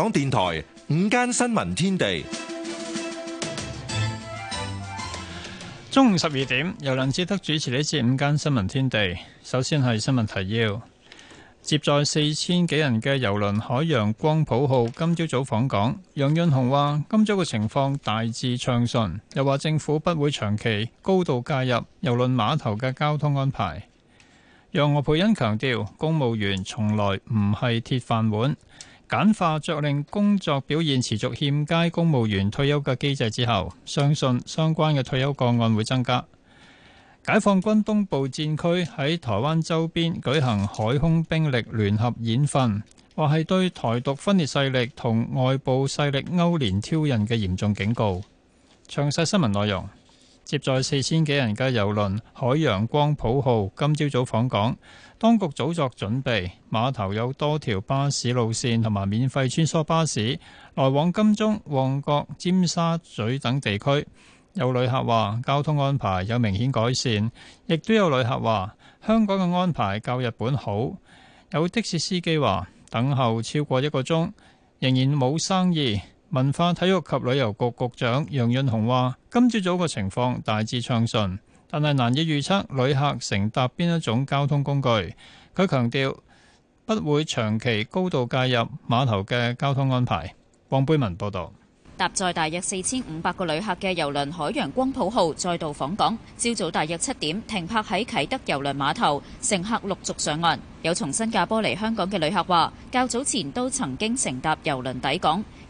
港電台午間新聞天地，中午十二點由林志德主持呢次午間新聞天地。首先係新聞提要，接載四千幾人嘅郵輪海洋光譜號今朝早訪港，楊潤雄話今朝嘅情況大致暢順，又話政府不會長期高度介入郵輪碼頭嘅交通安排。楊岳培恩強調，公務員從來唔係鐵飯碗。簡化著令工作表現持續欠佳公務員退休嘅機制之後，相信相關嘅退休個案會增加。解放軍東部戰區喺台灣周邊舉行海空兵力聯合演訓，或係對台獨分裂勢力同外部勢力勾連挑釁嘅嚴重警告。詳細新聞內容，接載四千幾人嘅郵輪海洋光譜號今朝早訪港。當局早作準備，碼頭有多條巴士路線同埋免費穿梭巴士來往金鐘、旺角、尖沙咀等地區。有旅客話交通安排有明顯改善，亦都有旅客話香港嘅安排較日本好。有的士司機話等候超過一個鐘，仍然冇生意。文化體育及旅遊局局長楊潤雄話：今朝早嘅情況大致暢順。但係難以預測旅客乘搭邊一種交通工具。佢強調不會長期高度介入碼頭嘅交通安排。黃貝文報道，搭載大約四千五百個旅客嘅郵輪海洋光譜號再度訪港，朝早大約七點停泊喺啟德郵輪碼頭，乘客陸續上岸。有從新加坡嚟香港嘅旅客話，較早前都曾經乘搭郵輪抵港。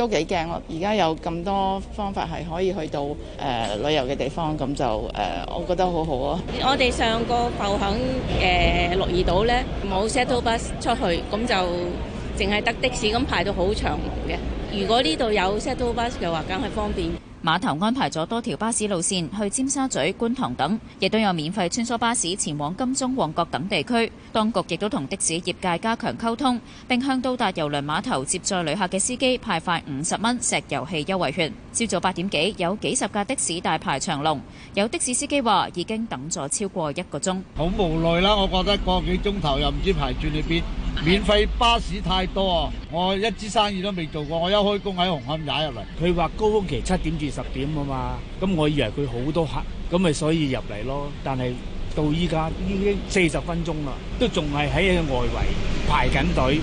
都幾驚咯！而家有咁多方法係可以去到誒、呃、旅遊嘅地方，咁就誒、呃、我覺得好好啊！我哋上個浮肯誒鹿兒島咧，冇 shuttle bus 出去，咁就淨係搭的士咁排到好長嘅。如果呢度有 shuttle bus 嘅話，梗係方便。碼頭安排咗多條巴士路線去尖沙咀、觀塘等，亦都有免費穿梭巴士前往金鐘、旺角等地區。當局亦都同的士業界加強溝通，並向到達郵輪碼頭接載旅客嘅司機派發五十蚊石油氣優惠券。朝早八點幾，有幾十架的士大排長龍，有的士司機話已經等咗超過一個鐘，好無奈啦。我覺得個幾鐘頭又唔知排轉去邊。免費巴士太多啊！我一支生意都未做過，我一開工喺紅磡踩入嚟，佢話高峯期七點至十點啊嘛，咁我以為佢好多客，咁咪所以入嚟咯。但係到依家已經四十分鐘啦，都仲係喺嘅外圍排緊隊。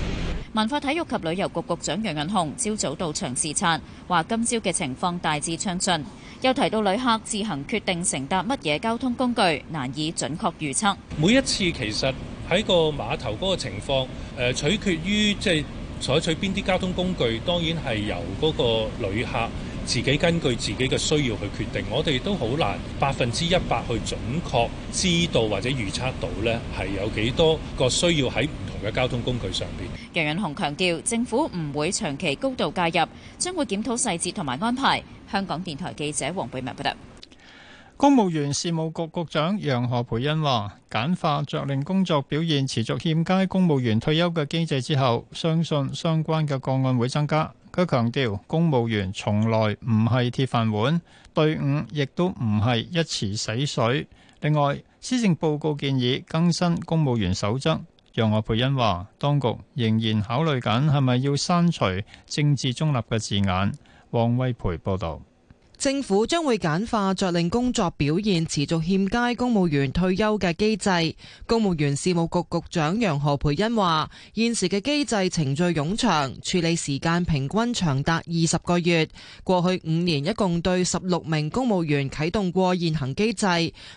文化體育及旅遊局局長楊潤雄朝早到場視察，話今朝嘅情況大致暢順，又提到旅客自行決定乘搭乜嘢交通工具，難以準確預測。每一次其實。喺個碼頭嗰個情況，誒取決於即係採取邊啲交通工具，當然係由嗰個旅客自己根據自己嘅需要去決定。我哋都好難百分之一百去準確知道或者預測到呢係有幾多個需要喺唔同嘅交通工具上面。楊潤雄強調，政府唔會長期高度介入，將會檢討細節同埋安排。香港電台記者黃佩文報道。.公務員事務局局長楊何培恩話：簡化着令工作表現持續欠佳，公務員退休嘅機制之後，相信相關嘅個案會增加。佢強調，公務員從來唔係鐵飯碗，隊伍亦都唔係一池死水。另外，施政報告建議更新公務員守則。楊何培恩話：當局仍然考慮緊係咪要刪除政治中立嘅字眼。王威培報道。政府將會簡化責令工作表現持續欠佳公務員退休嘅機制。公務員事務局局長楊何蓓茵話，現時嘅機制程序冗長，處理時間平均長達二十個月。過去五年一共對十六名公務員啟動過現行機制，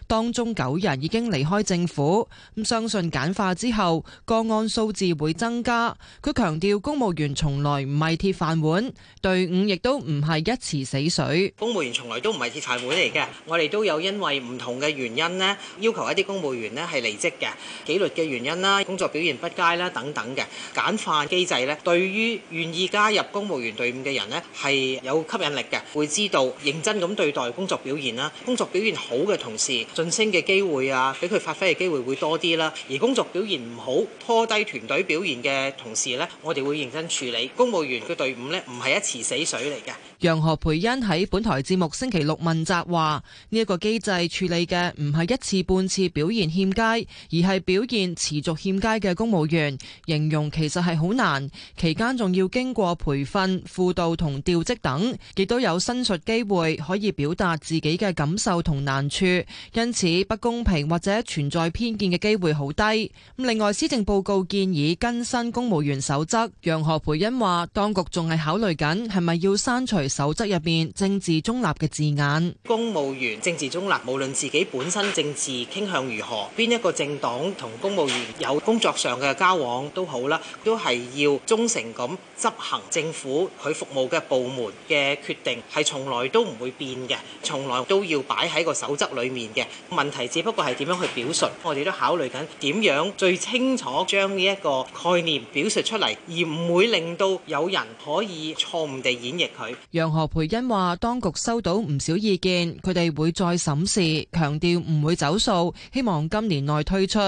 當中九人已經離開政府。咁相信簡化之後個案數字會增加。佢強調，公務員從來唔係鐵飯碗，隊伍亦都唔係一池死水。公務員從來都唔係鐵飯碗嚟嘅，我哋都有因為唔同嘅原因咧，要求一啲公務員咧係離職嘅紀律嘅原因啦，工作表現不佳啦等等嘅簡化機制呢，對於願意加入公務員隊伍嘅人呢，係有吸引力嘅，會知道認真咁對待工作表現啦，工作表現好嘅同事晉升嘅機會啊，俾佢發揮嘅機會會多啲啦，而工作表現唔好拖低團隊表現嘅同事呢，我哋會認真處理。公務員嘅隊伍呢，唔係一池死水嚟嘅。楊何培恩喺本台節目星期六問責話：呢一個機制處理嘅唔係一次半次表現欠佳，而係表現持續欠佳嘅公務員，形容其實係好難。期間仲要經過培訓、輔導同調職等，亦都有申訴機會可以表達自己嘅感受同難處，因此不公平或者存在偏見嘅機會好低。咁另外，施政報告建議更新公務員守則。楊何培恩話：當局仲係考慮緊係咪要刪除守則入面政治中立嘅字眼，公務員政治中立，無論自己本身政治傾向如何，邊一個政黨同公務員有工作上嘅交往都好啦，都係要忠誠咁執行政府佢服務嘅部門嘅決定，係從來都唔會變嘅，從來都要擺喺個守則裏面嘅問題，只不過係點樣去表述，我哋都考慮緊點樣最清楚將呢一個概念表述出嚟，而唔會令到有人可以錯誤地演繹佢。楊何培恩話：當局收到唔少意見，佢哋會再審視，強調唔會走數，希望今年內推出。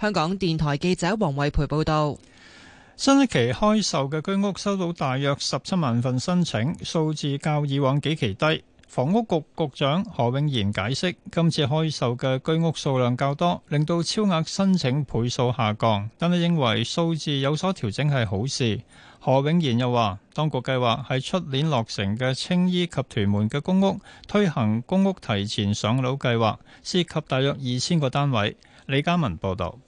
香港電台記者黃慧培報道，新一期開售嘅居屋收到大約十七萬份申請，數字較以往幾期低。房屋局局長何永賢解釋，今次開售嘅居屋數量較多，令到超額申請倍數下降，但係認為數字有所調整係好事。何永賢又話：當局計劃喺出年落成嘅青衣及屯門嘅公屋推行公屋提前上樓計劃，涉及大約二千個單位。李家文報導。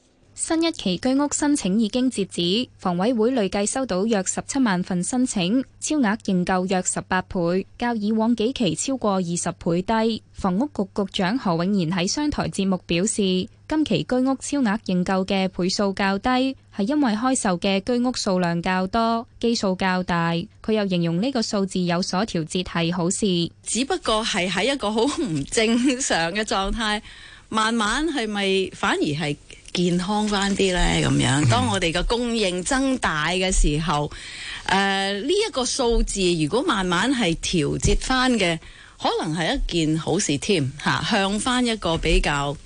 新一期居屋申請已經截止，房委會累計收到約十七萬份申請，超額認購約十八倍，較以往幾期超過二十倍低。房屋局局長何永賢喺商台節目表示，今期居屋超額認購嘅倍數較低，係因為開售嘅居屋數量較多，基數較大。佢又形容呢個數字有所調節係好事，只不過係喺一個好唔正常嘅狀態，慢慢係咪反而係？健康翻啲咧，咁樣，當我哋嘅供應增大嘅時候，誒呢一個數字如果慢慢係調節翻嘅，可能係一件好事添吓，向翻一個比較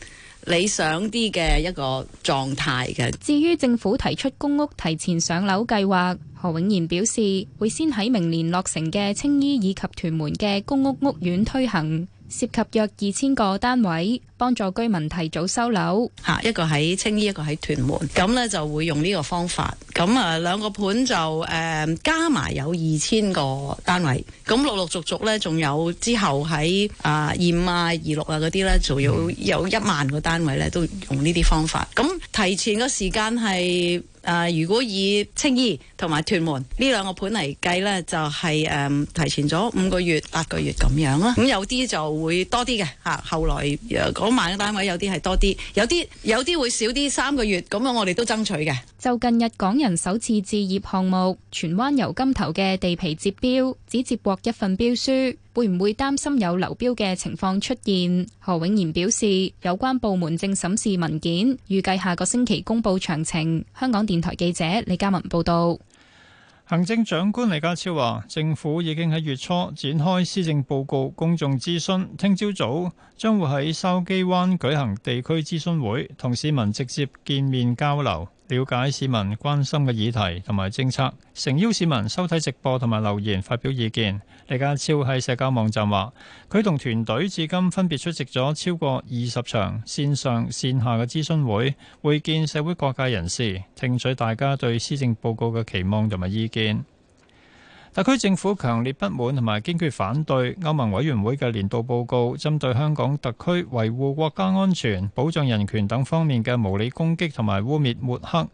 理想啲嘅一個狀態嘅。至於政府提出公屋提前上樓計劃，何永賢表示會先喺明年落成嘅青衣以及屯門嘅公屋屋苑推行。涉及約二千個單位，幫助居民提早收樓。吓，一個喺青衣，一個喺屯門，咁呢就會用呢個方法。咁啊，兩個盤就誒、呃、加埋有二千個單位。咁陸陸續續呢，仲有之後喺啊二五、二六啊嗰啲呢，仲要有一萬個單位呢，都用呢啲方法。咁提前個時間係。誒、呃，如果以青衣同埋屯門呢兩個盤嚟計咧，就係、是、誒、呃、提前咗五個月、八個月咁樣啦。咁有啲就會多啲嘅，吓，後來嗰晚嘅單位有啲係多啲，有啲有啲會少啲三個月。咁樣我哋都爭取嘅。就近日港人首次置業項目，荃灣油金頭嘅地皮接標，只接獲一份標書，會唔會擔心有流標嘅情況出現？何永賢表示，有關部門正審視文件，預計下個星期公布詳情。香港電台記者李嘉文報道。行政長官李家超話，政府已經喺月初展開施政報告公眾諮詢，聽朝早將會喺筲箕灣舉行地區諮詢會，同市民直接見面交流。了解市民關心嘅議題同埋政策，誠邀市民收睇直播同埋留言發表意見。李家超喺社交網站話，佢同團隊至今分別出席咗超過二十場綫上、綫下嘅諮詢會，會見社會各界人士，聽取大家對施政報告嘅期望同埋意見。特區政府強烈不滿同埋堅決反對歐盟委員會嘅年度報告，針對香港特區維護國家安全、保障人權等方面嘅無理攻擊同埋污衊抹黑。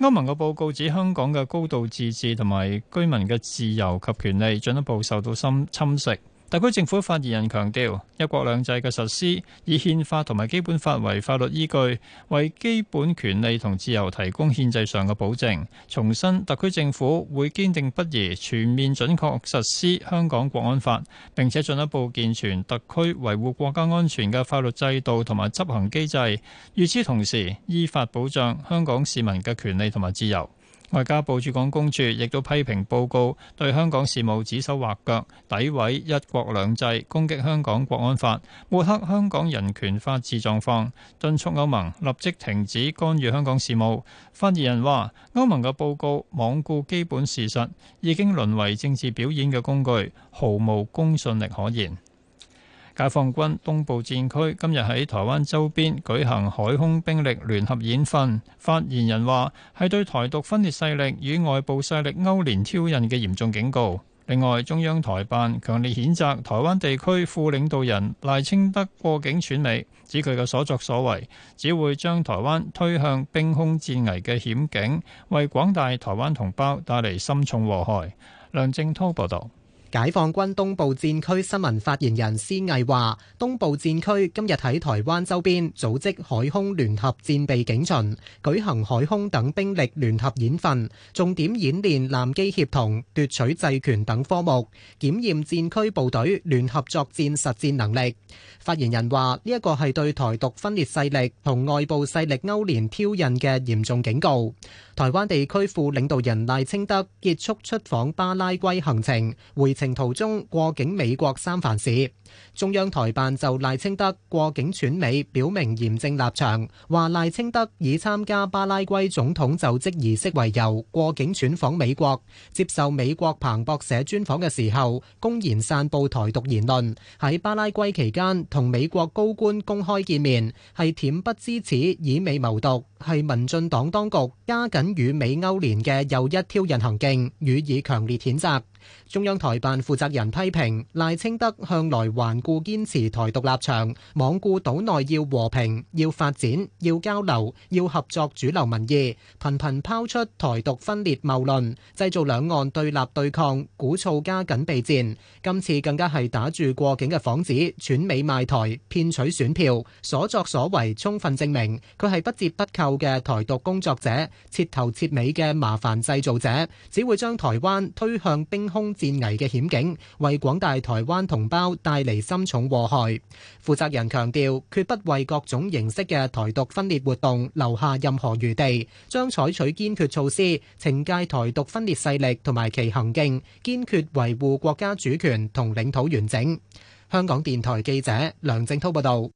歐盟嘅報告指香港嘅高度自治同埋居民嘅自由及權利進一步受到侵蝕。特區政府發言人強調，一國兩制嘅實施以憲法同埋基本法為法律依據，為基本權利同自由提供憲制上嘅保證。重申特區政府會堅定不移、全面準確實施香港國安法，並且進一步健全特區維護國家安全嘅法律制度同埋執行機制。與此同時，依法保障香港市民嘅權利同埋自由。外交部駐港公署亦都批評報告對香港事務指手畫腳、詆毀一國兩制、攻擊香港國安法、抹黑香港人權法治狀況，敦促歐盟立即停止干預香港事務。發言人話：歐盟嘅報告罔顧基本事實，已經淪為政治表演嘅工具，毫無公信力可言。解放軍東部戰區今日喺台灣周邊舉行海空兵力聯合演訓，發言人話：係對台獨分裂勢力與外部勢力勾連挑釁嘅嚴重警告。另外，中央台辦強烈譴責台灣地區副領導人賴清德過境竄美，指佢嘅所作所為只會將台灣推向兵凶戰危嘅險境，為廣大台灣同胞帶嚟深重禍害。梁正滔報導。解放軍東部戰區新聞發言人施毅話，東部戰區今日喺台灣周邊組織海空聯合戰備警巡，舉行海空等兵力聯合演訓，重點演練艦機協同、奪取制權等科目，檢驗戰區部隊聯合作戰實戰能力。發言人話，呢一個係對台獨分裂勢力同外部勢力勾連挑釁嘅嚴重警告。台灣地區副領導人賴清德結束出訪巴拉圭行程會程途中過境美國三藩市，中央台辦就賴清德過境竄美表明嚴正立場，話賴清德以參加巴拉圭總統就職儀式為由過境竄訪美國，接受美國彭博社專訪嘅時候公然散布台獨言論，喺巴拉圭期間同美國高官公開見面，係恬不知恥以美謀獨，係民進黨當局加緊與美勾連嘅又一挑釁行徑，予以強烈譴責。中央台辦負責人批評賴清德向來頑固堅持台獨立場，罔顧島內要和平、要發展、要交流、要合作主流民意，頻頻拋出台獨分裂謬論，製造兩岸對立對抗，鼓噪加緊備戰。今次更加係打住過境嘅幌子，竄美賣台，騙取選票，所作所為充分證明佢係不折不扣嘅台獨工作者，徹頭徹尾嘅麻煩製造者，只會將台灣推向冰空戰危嘅險境，為廣大台灣同胞帶嚟深重禍害。負責人強調，決不為各種形式嘅台獨分裂活動留下任何餘地，將採取堅決措施，懲戒台獨分裂勢力同埋其行徑，堅決維護國家主權同領土完整。香港電台記者梁正滔報道。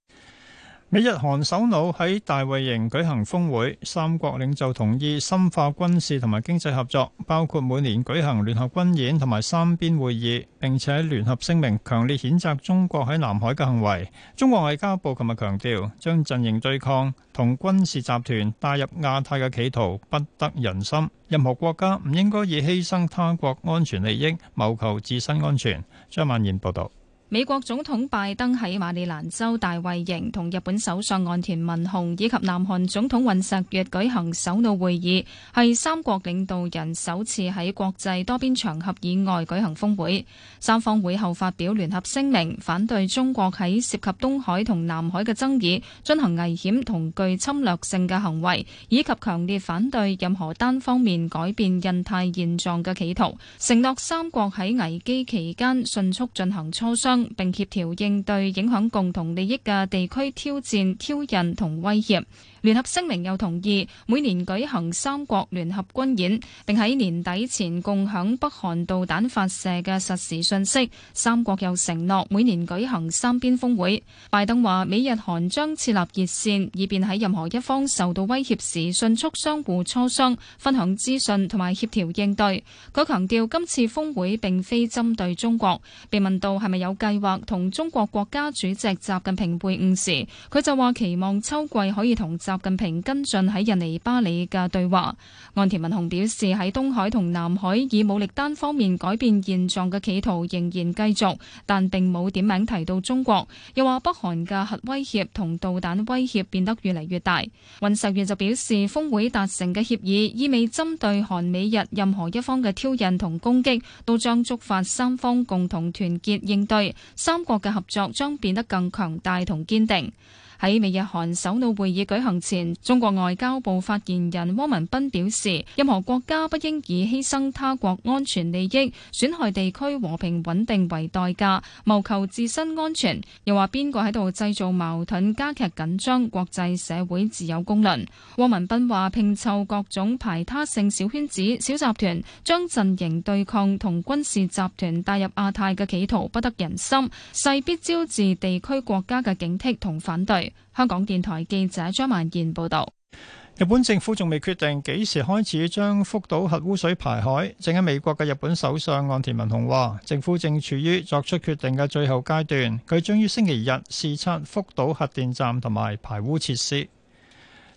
美日韓首腦喺大衛營舉行峰會，三國領袖同意深化軍事同埋經濟合作，包括每年舉行聯合軍演同埋三邊會議，並且聯合聲明強烈譴責中國喺南海嘅行為。中國外交部琴日強調，將陣營對抗同軍事集團帶入亞太嘅企圖不得人心，任何國家唔應該以犧牲他國安全利益謀求自身安全。張曼燕報導。美國總統拜登喺馬里蘭州大衛營同日本首相岸田文雄以及南韓總統尹錫悅舉行首腦會議，係三國領導人首次喺國際多邊場合以外舉行峰會。三方會後發表聯合聲明，反對中國喺涉及東海同南海嘅爭議進行危險同具侵略性嘅行為，以及強烈反對任何單方面改變印太現狀嘅企圖。承諾三國喺危機期間迅速進行磋商。並協調應對影響共同利益嘅地區挑戰、挑釁同威脅。聯合聲明又同意每年舉行三國聯合軍演，並喺年底前共享北韓導彈發射嘅實時信息。三國又承諾每年舉行三邊峰會。拜登話：美日韓將設立熱線，以便喺任何一方受到威脅時，迅速相互磋商、分享資訊同埋協調應對。佢強調今次峰會並非針對中國。被問到係咪有計劃同中國國家主席習近平會晤時，佢就話期望秋季可以同習。習近平跟進喺印尼巴里嘅對話，岸田文雄表示喺東海同南海以武力單方面改變現狀嘅企圖仍然繼續，但並冇點名提到中國。又話北韓嘅核威脅同導彈威脅變得越嚟越大。尹錫悅就表示，峰會達成嘅協議意味針對韓美日任何一方嘅挑釁同攻擊都將觸發三方共同團結應對，三國嘅合作將變得更強大同堅定。喺美日韓首腦會議舉行前，中國外交部發言人汪文斌表示：任何國家不應以犧牲他國安全利益、損害地區和平穩定為代價，謀求自身安全。又話邊個喺度製造矛盾、加劇緊張，國際社會自有公論。汪文斌話：拼湊各種排他性小圈子、小集團，將陣營對抗同軍事集團帶入亞太嘅企圖，不得人心，勢必招致地區國家嘅警惕同反對。香港電台記者張萬健報道：日本政府仲未決定幾時開始將福島核污水排海。正喺美國嘅日本首相岸田文雄話，政府正處於作出決定嘅最後階段。佢將於星期日視察福島核電站同埋排污設施。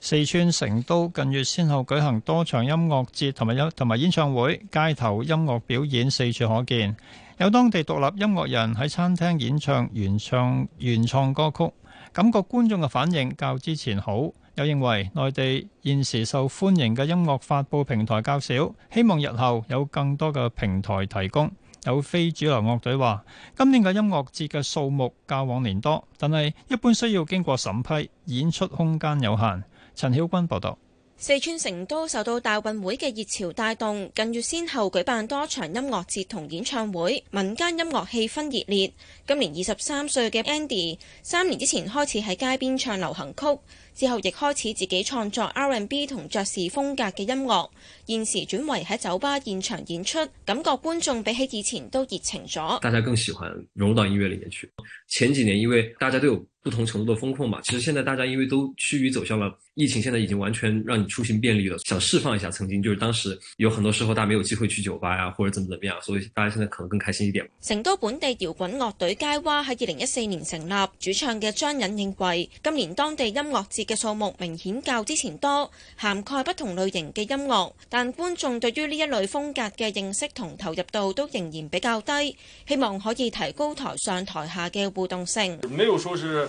四川成都近月先後舉行多場音樂節同埋有同埋演唱會，街頭音樂表演四處可見，有當地獨立音樂人喺餐廳演唱原唱原創歌曲。感覺觀眾嘅反應較之前好，有認為內地現時受歡迎嘅音樂發佈平台較少，希望日後有更多嘅平台提供。有非主流樂隊話：今年嘅音樂節嘅數目較往年多，但係一般需要經過審批，演出空間有限。陳曉君報道。四川成都受到大運會嘅熱潮帶動，近月先後舉辦多場音樂節同演唱會，民間音樂氣氛熱烈。今年二十三歲嘅 Andy，三年之前開始喺街邊唱流行曲，之後亦開始自己創作 R&B 同爵士風格嘅音樂，現時轉為喺酒吧現場演出，感覺觀眾比起以前都熱情咗。大家更喜歡融入到音樂裡面去。前幾年因為大家都有。不同程度的風控嘛，其實現在大家因為都趨於走向了疫情，現在已經完全讓你出行便利了，想釋放一下曾經就是當時有很多時候大家沒有機會去酒吧呀，啊，或者怎麼怎麼樣，所以大家現在可能更開心一點。成都本地搖滾樂隊街蛙喺二零一四年成立，主唱嘅張忍認為，今年當地音樂節嘅數目明顯較之前多，涵蓋不同類型嘅音樂，但觀眾對於呢一類風格嘅認識同投入度都仍然比較低，希望可以提高台上台下嘅互動性。沒有說是。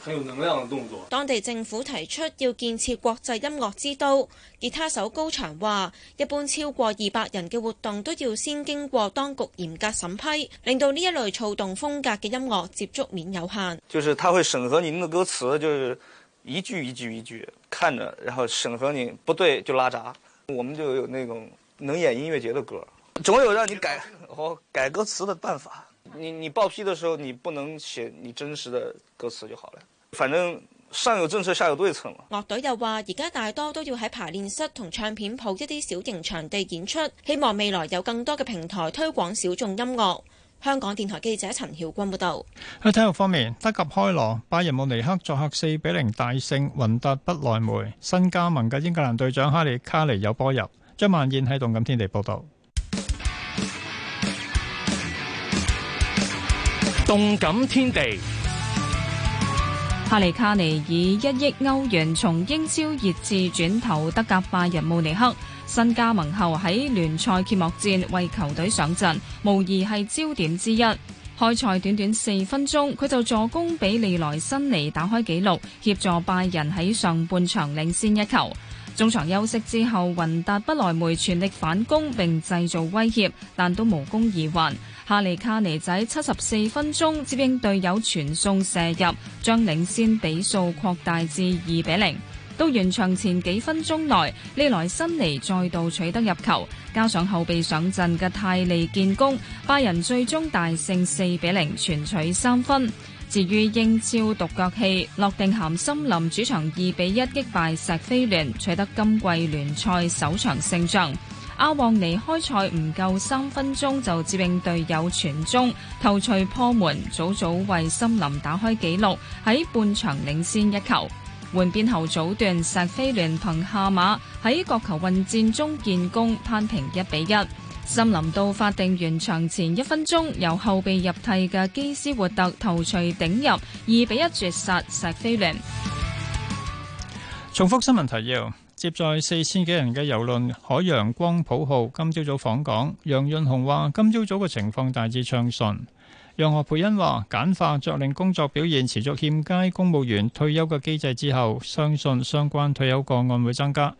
很有能量的動作。當地政府提出要建設國際音樂之都。吉他手高翔話，一般超過二百人嘅活動都要先經過當局嚴格審批，令到呢一類躁動風格嘅音樂接觸面有限。就是他會審核你的歌詞，就是一句一句一句看着，然後審核你，不對就拉閘。我們就有那種能演音樂節嘅歌，總有讓你改和改歌詞嘅辦法。你你報批的時候，你不能寫你真實的歌詞就好了。反正上有政策，下有對策嘛。樂隊又話，而家大多都要喺排練室同唱片鋪一啲小型場地演出，希望未來有更多嘅平台推廣小眾音樂。香港電台記者陳曉君報道。喺體育方面，德甲開羅拜仁慕尼黑作客四比零大勝雲達不萊梅，新加盟嘅英格蘭隊長哈利卡尼有波入。張萬燕喺動感天地報道。動感天地。哈利卡尼以一億歐元從英超熱刺轉投德甲拜仁慕尼克，新加盟後喺聯賽揭幕戰為球隊上陣，無疑係焦點之一。開賽短短四分鐘，佢就助攻畀利萊辛尼打開紀錄，協助拜仁喺上半場領先一球。中場休息之後，雲達不萊梅全力反攻並製造威脅，但都無功而還。哈利卡尼仔七十四分鐘接應隊友傳送，射入，將領先比數擴大至二比零。到完場前幾分鐘內，利萊辛尼再度取得入球，加上後備上陣嘅泰利建功，拜仁最終大勝四比零，全取三分。至於英超獨腳戲，諾定咸森林主場二比一擊敗錫菲聯，取得今季聯賽首場勝仗。阿旺尼開賽唔夠三分鐘就接應隊友傳中頭槌破門，早早為森林打開紀錄，喺半場領先一球。換邊後早段石飛聯憑下馬喺角球混戰中建功，攀平一比一。森林到法定完場前一分鐘，由後備入替嘅基斯活特頭槌頂入二比一絕殺石飛聯。重複新聞提要。接載四千幾人嘅郵輪海洋光譜號今朝早，早訪港，楊潤雄話今朝早嘅情況大致暢順。楊何蓓茵話簡化著令工作表現持續欠佳公務員退休嘅機制之後，相信相關退休個案會增加。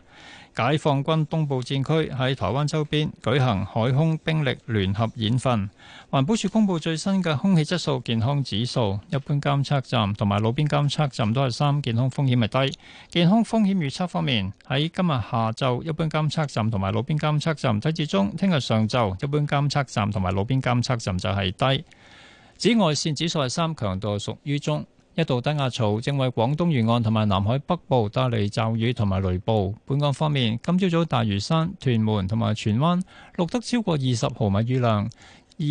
解放軍東部戰區喺台灣周邊舉行海空兵力聯合演訓。環保署公布最新嘅空氣質素健康指數，一般監測站同埋路邊監測站都係三，健康風險係低。健康風險預測方面，喺今日下晝一般監測站同埋路邊監測站睇至中，聽日上晝一般監測站同埋路邊監測站就係低。紫外線指數係三，強度屬於中。一道低壓槽正為廣東沿岸同埋南海北部帶嚟驟雨同埋雷暴。本港方面，今朝早大嶼山、屯門同埋荃灣錄得超過二十毫米雨量，而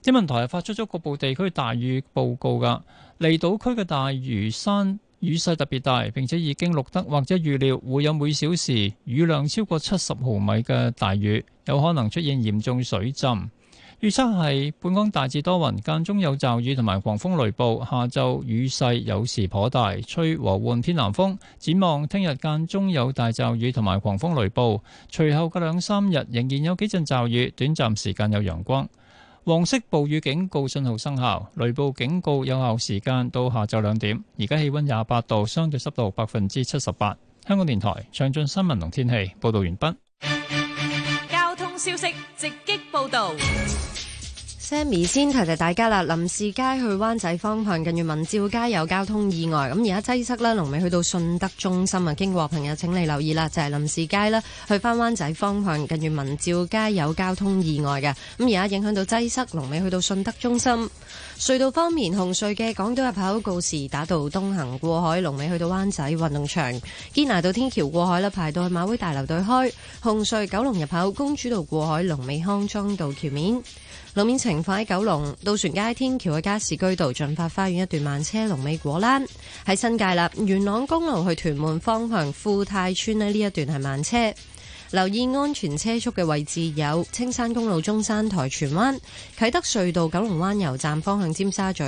天文台係發出咗局部地區大雨報告㗎。離島區嘅大嶼山雨勢特別大，並且已經錄得或者預料會有每小時雨量超過七十毫米嘅大雨，有可能出現嚴重水浸。預測係本港大致多雲，間中有驟雨同埋狂風雷暴。下晝雨勢有時頗大，吹和緩偏南風。展望聽日間中有大驟雨同埋狂風雷暴，隨後嘅兩三日仍然有幾陣驟雨，短暫時間有陽光。黃色暴雨警告信號生效，雷暴警告有效時間到下晝兩點。而家氣溫廿八度，相對濕度百分之七十八。香港電台詳盡新聞同天氣報道完畢。交通消息直擊報道。Sammy 先提提大家啦，林士街去灣仔方向近住文照街有交通意外，咁而家擠塞啦，龍尾去到信德中心啊。經過朋友，請你留意啦，就係林士街啦，去翻灣仔方向近住文照街有交通意外嘅，咁而家影響到擠塞，龍尾去到信德中心隧道方面，紅隧嘅港島入口告示打道東行過海，龍尾去到灣仔運動場堅拿道天橋過海啦，排到去馬會大樓對開紅隧九龍入口公主道過海，龍尾康莊道橋面。路面情況喺九龍渡船街天橋嘅加士居道、進發花園一段慢車，龍尾果欄喺新界啦。元朗公路去屯門方向富泰村呢一段係慢車，留意安全車速嘅位置有青山公路中山台、荃灣啟德隧道、九龍灣油站方向尖沙咀、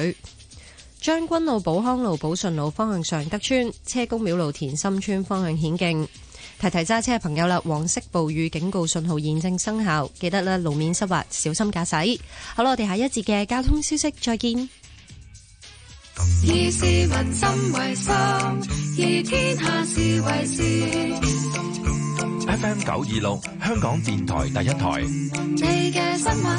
將軍路、寶康路、寶順路方向尚德邨、車公廟路、田心村方向顯徑。提提揸車嘅朋友啦，黃色暴雨警告信號現正生效，記得啦，路面濕滑，小心駕駛。好啦，我哋下一節嘅交通消息再見。以市民心為 FM 九二六，香港電台第一台。你的試試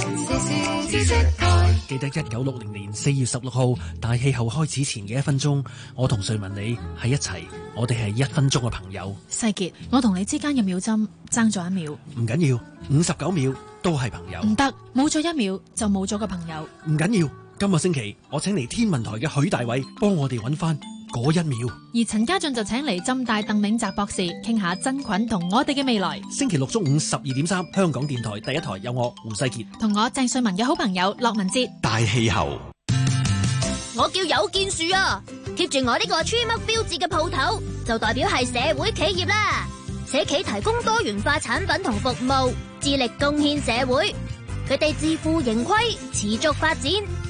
試試我記得一九六零年四月十六號大氣候開始前嘅一分鐘，我同瑞文你喺一齊，我哋係一分鐘嘅朋友。細杰，我同你之間嘅秒針爭咗一秒，唔緊要，五十九秒都係朋友。唔得，冇咗一秒就冇咗個朋友。唔緊要，今個星期我請嚟天文台嘅許大偉幫我哋揾翻。一秒，而陳家俊就請嚟浸大鄧銘澤博士傾下真菌同我哋嘅未來。星期六中午十二點三，香港電台第一台有我胡世傑，同我鄭瑞文嘅好朋友洛文哲。大氣候，我叫有建樹啊！貼住我呢個 tree mark 標誌嘅鋪頭，就代表係社會企業啦。社企提供多元化產品同服務，致力貢獻社會，佢哋自負盈虧，持續發展。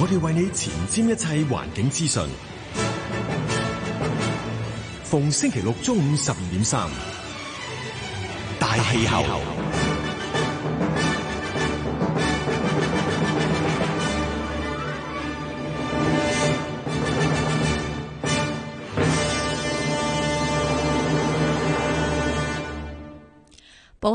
我哋為你前瞻一切環境資訊，逢星期六中午十二點三，大氣候。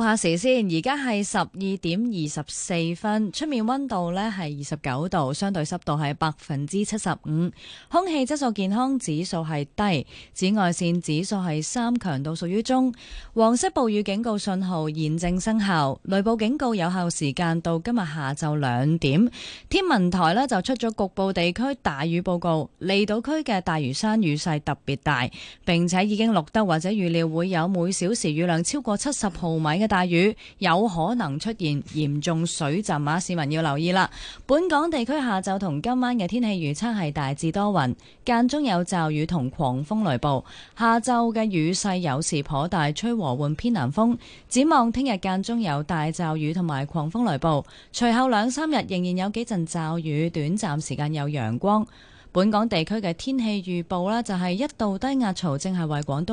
下時先，而家係十二點二十四分，出面溫度呢係二十九度，相對濕度係百分之七十五，空氣質素健康指數係低，紫外線指數係三，強度屬於中，黃色暴雨警告信號現正生效，雷暴警告有效時間到今日下晝兩點。天文台呢就出咗局部地區大雨報告，離島區嘅大嶼山雨勢特別大，並且已經錄得或者預料會有每小時雨量超過七十毫米嘅大。大雨有可能出現嚴重水浸啊，市民要留意啦。本港地區下晝同今晚嘅天氣預測係大致多雲，間中有驟雨同狂風雷暴，下晝嘅雨勢有時頗大，吹和緩偏南風。展望聽日間中有大驟雨同埋狂風雷暴，隨後兩三日仍然有幾陣驟雨，短暫時間有陽光。本港地區嘅天氣預報咧就係一道低壓槽正係為廣東。